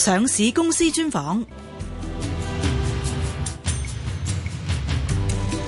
上市公司專訪。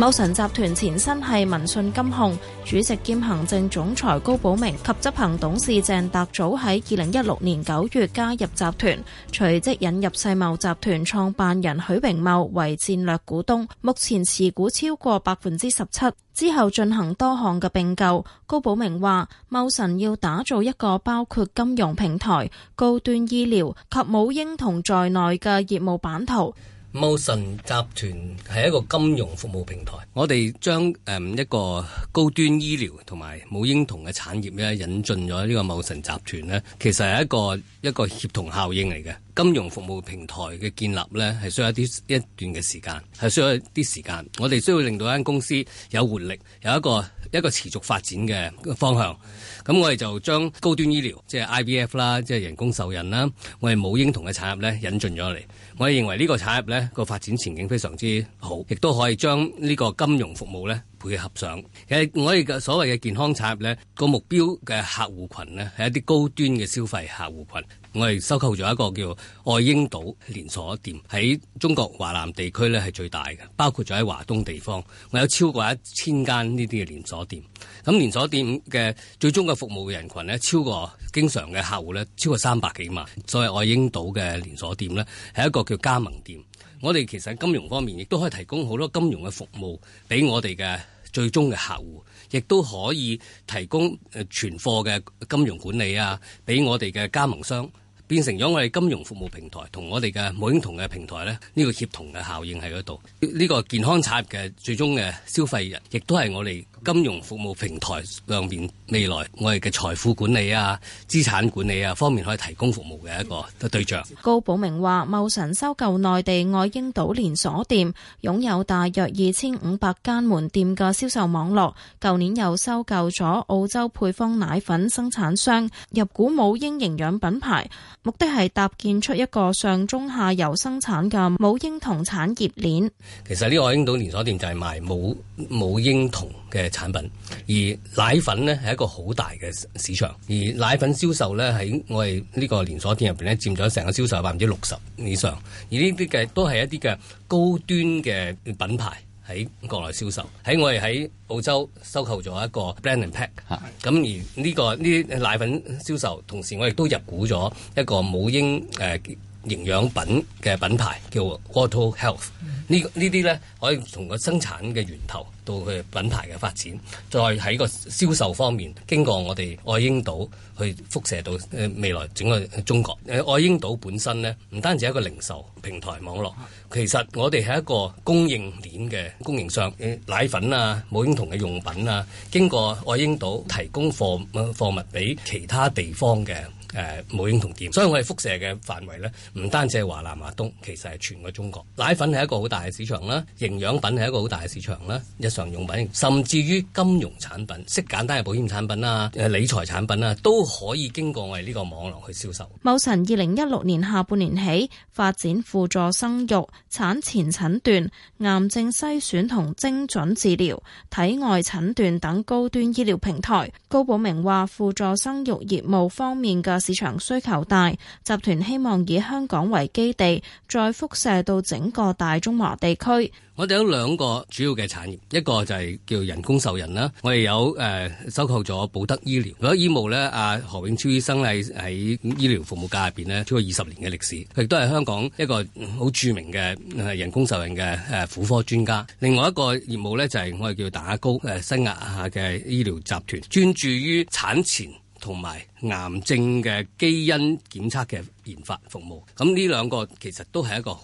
茂宸集團前身係民信金控，主席兼行政總裁高寶明及執行董事鄭達祖喺二零一六年九月加入集團，隨即引入世茂集團創辦人許榮茂為戰略股東，目前持股超過百分之十七。之後進行多項嘅併購。高寶明話：茂宸要打造一個包括金融平台、高端醫療及母嬰童在內嘅業務版圖。茂宸集團係一個金融服務平台，我哋將誒一個高端醫療同埋母嬰童嘅產業咧引進咗呢個茂宸集團咧，其實係一個一個協同效應嚟嘅。金融服務平台嘅建立咧係需要一啲一段嘅時間，係需要一啲時間。我哋需要令到一間公司有活力，有一個一個持續發展嘅方向。咁我哋就將高端醫療，即係 IVF 啦，即係人工受孕啦，我哋母嬰童嘅產業咧引進咗嚟。我哋認為呢個產業咧。個發展前景非常之好，亦都可以將呢個金融服務咧配合上。其實我哋嘅所謂嘅健康產業咧，個目標嘅客戶群咧係一啲高端嘅消費客戶群。我哋收購咗一個叫愛嬰島連鎖店，喺中國華南地區咧係最大嘅，包括咗喺華東地方，我有超過一千間呢啲嘅連鎖店。咁連鎖店嘅最終嘅服務人群咧，超過經常嘅客戶咧，超過三百幾萬。所謂愛嬰島嘅連鎖店咧，係一個叫加盟店。我哋其實喺金融方面，亦都可以提供好多金融嘅服務俾我哋嘅最終嘅客戶，亦都可以提供誒存貨嘅金融管理啊，俾我哋嘅加盟商變成咗我哋金融服務平台，同我哋嘅母嬰童嘅平台咧，呢個協同嘅效應喺嗰度。呢個健康產業嘅最終嘅消費人，亦都係我哋。金融服務平台上面未來，我哋嘅財富管理啊、資產管理啊方面可以提供服務嘅一個嘅對象。高寶明話：茂宸收購內地愛嬰島連鎖店，擁有大約二千五百間門店嘅銷售網絡。舊年又收購咗澳洲配方奶粉生產商，入股母嬰營養品牌，目的係搭建出一個上中下游生產嘅母嬰童產業鏈。其實呢個愛嬰島連鎖店就係賣母母嬰童嘅產品，而奶粉呢係一個好大嘅市場，而奶粉銷售呢，喺我哋呢個連鎖店入邊呢佔咗成個銷售百分之六十以上，而呢啲嘅都係一啲嘅高端嘅品牌喺國內銷售，喺我哋喺澳洲收購咗一個 Blend and Pack，咁的、嗯、而呢、呢個呢啲奶粉銷售，同時我亦都入股咗一個母嬰誒、呃營養品嘅品牌叫 Water Health，、嗯、呢呢啲呢可以從個生產嘅源頭到佢品牌嘅發展，再喺個銷售方面，經過我哋愛嬰島去輻射到誒、呃、未來整個中國。誒、呃、愛嬰島本身呢，唔單止係一個零售平台網絡，其實我哋係一個供應鏈嘅供應商、呃，奶粉啊、母嬰童嘅用品啊，經過愛嬰島提供貨物貨物俾其他地方嘅。誒母嬰童店，所以我哋輻射嘅範圍呢，唔單止係華南華東，其實係全個中國。奶粉係一個好大嘅市場啦，營養品係一個好大嘅市場啦，日常用品，甚至於金融產品，識簡單嘅保險產品啊、理財產品啊，都可以經過我哋呢個網絡去銷售。茂宸二零一六年下半年起發展輔助生育、產前診斷、癌症篩選同精準治療、體外診斷等高端醫療平台。高寶明話：輔助生育業,業務方面嘅。市場需求大，集團希望以香港為基地，再輻射到整個大中華地區。我哋有兩個主要嘅產業，一個就係叫人工受孕啦。我哋有誒收購咗寶德醫療，有個業務呢，阿何永超醫生係喺醫療服務界入邊呢超過二十年嘅歷史，佢亦都係香港一個好著名嘅人工受孕嘅誒婦科專家。另外一個業務呢，就係我哋叫打高誒新亞嘅醫療集團，專注於產前同埋。癌症嘅基因檢測嘅研發服務，咁呢兩個其實都係一個好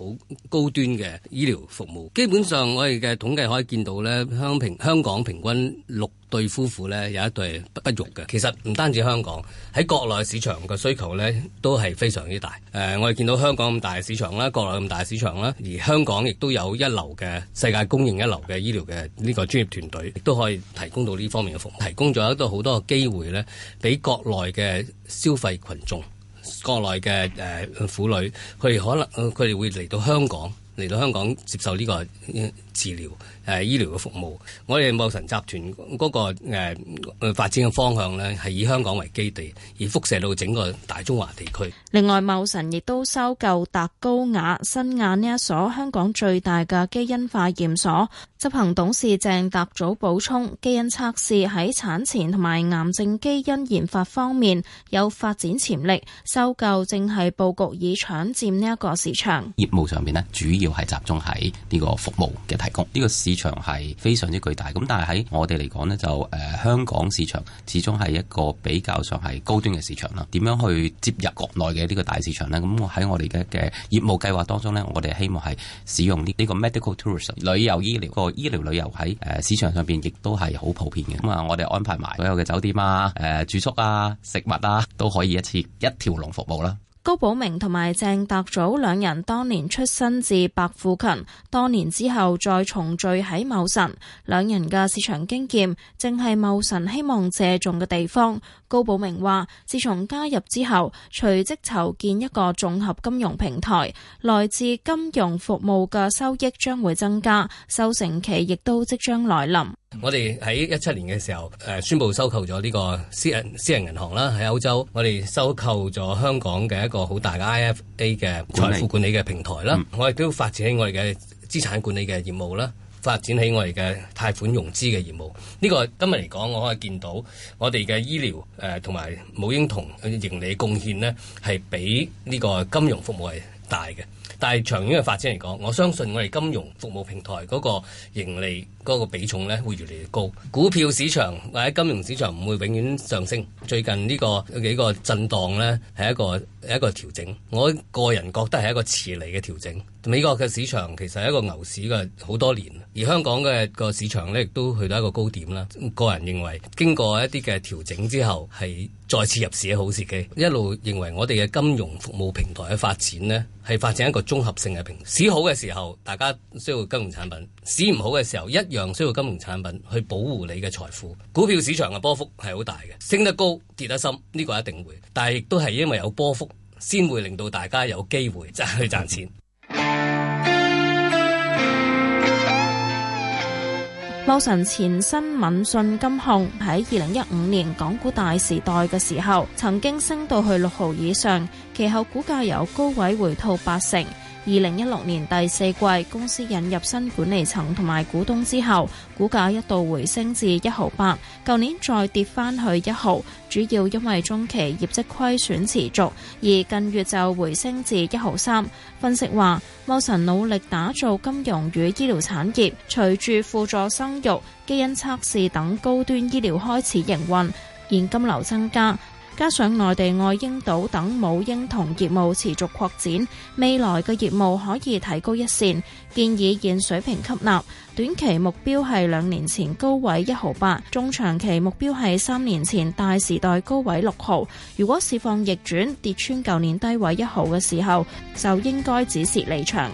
高端嘅醫療服務，基本上我哋嘅統計可以見到咧，香平香港平均六對夫婦咧有一對不育嘅。其實唔單止香港，喺國內市場嘅需求咧都係非常之大。誒、呃，我哋見到香港咁大市場啦，國內咁大市場啦，而香港亦都有一流嘅世界公認一流嘅醫療嘅呢個專業團隊亦都可以提供到呢方面嘅服務，提供咗一個好多嘅機會咧，俾國內嘅。誒，消費群眾國內嘅誒婦女，佢哋可能佢哋、呃、會嚟到香港。嚟到香港接受呢個治療誒、呃、醫療嘅服務，我哋茂宸集團嗰、那個誒、呃、發展嘅方向咧，係以香港為基地，而輻射到整個大中華地區。另外，茂宸亦都收購達高雅新亞呢一所香港最大嘅基因化驗所。執行董事鄭達祖補充，基因測試，喺產前同埋癌症基因研發方面有發展潛力，收購正係布局以搶佔呢一個市場。業務上面咧，主要。係集中喺呢個服務嘅提供，呢、這個市場係非常之巨大。咁但係喺我哋嚟講呢，就誒、呃、香港市場始終係一個比較上係高端嘅市場啦。點樣去接入國內嘅呢個大市場呢？咁喺我哋嘅嘅業務計劃當中呢，我哋希望係使用啲呢個 medical tourism 旅遊醫療、個醫療旅遊喺誒市場上邊亦都係好普遍嘅。咁啊，我哋安排埋所有嘅酒店啊、誒、呃、住宿啊、食物啊，都可以一次一條龍服務啦。高寶明同埋鄭達祖兩人當年出身自百富勤，多年之後再重聚喺茂宸，兩人嘅市場經驗正係茂宸希望借重嘅地方。高寶明話：自從加入之後，隨即籌建一個綜合金融平台，來自金融服務嘅收益將會增加，收成期亦都即將來臨。我哋喺一七年嘅時候，誒、呃、宣布收購咗呢個私人私人銀行啦，喺歐洲，我哋收購咗香港嘅一個好大嘅 IFA 嘅財富管理嘅平台啦。嗯、我亦都發展起我哋嘅資產管理嘅業務啦，發展起我哋嘅貸款融資嘅業務。呢、這個今日嚟講，我可以見到我哋嘅醫療誒同埋母嬰同盈利貢獻咧，係比呢個金融服務係大嘅。但係長遠嘅發展嚟講，我相信我哋金融服務平台嗰個盈利嗰個比重咧，會越嚟越高。股票市場或者金融市場唔會永遠上升，最近呢個幾個震盪呢，係一個一個調整。我個人覺得係一個遲嚟嘅調整。美國嘅市場其實係一個牛市嘅好多年，而香港嘅個市場呢，亦都去到一個高點啦。個人認為經過一啲嘅調整之後，係再次入市嘅好時機。一路認為我哋嘅金融服務平台嘅發展呢，係發展一個綜合性嘅平台，市好嘅時候，大家需要金融產品；市唔好嘅時候，一樣需要金融產品去保護你嘅財富。股票市場嘅波幅係好大嘅，升得高，跌得深，呢、這個一定會。但係亦都係因為有波幅，先會令到大家有機會去賺錢。嗯茂宸前身民信金控喺二零一五年港股大時代嘅時候，曾經升到去六毫以上，其後股價由高位回吐八成。二零一六年第四季，公司引入新管理層同埋股東之後，股價一度回升至一毫八。舊年再跌翻去一毫，主要因為中期業績虧損持續。而近月就回升至一毫三。分析話，茂宸努力打造金融與醫療產業，隨住輔助生育、基因測試等高端醫療開始營運，現金流增加。加上內地、外英島等母嬰童業務持續擴展，未來嘅業務可以提高一線，建議現水平吸納。短期目標係兩年前高位一毫八，中長期目標係三年前大時代高位六毫。如果市況逆轉跌穿舊年低位一毫嘅時候，就應該止蝕離場。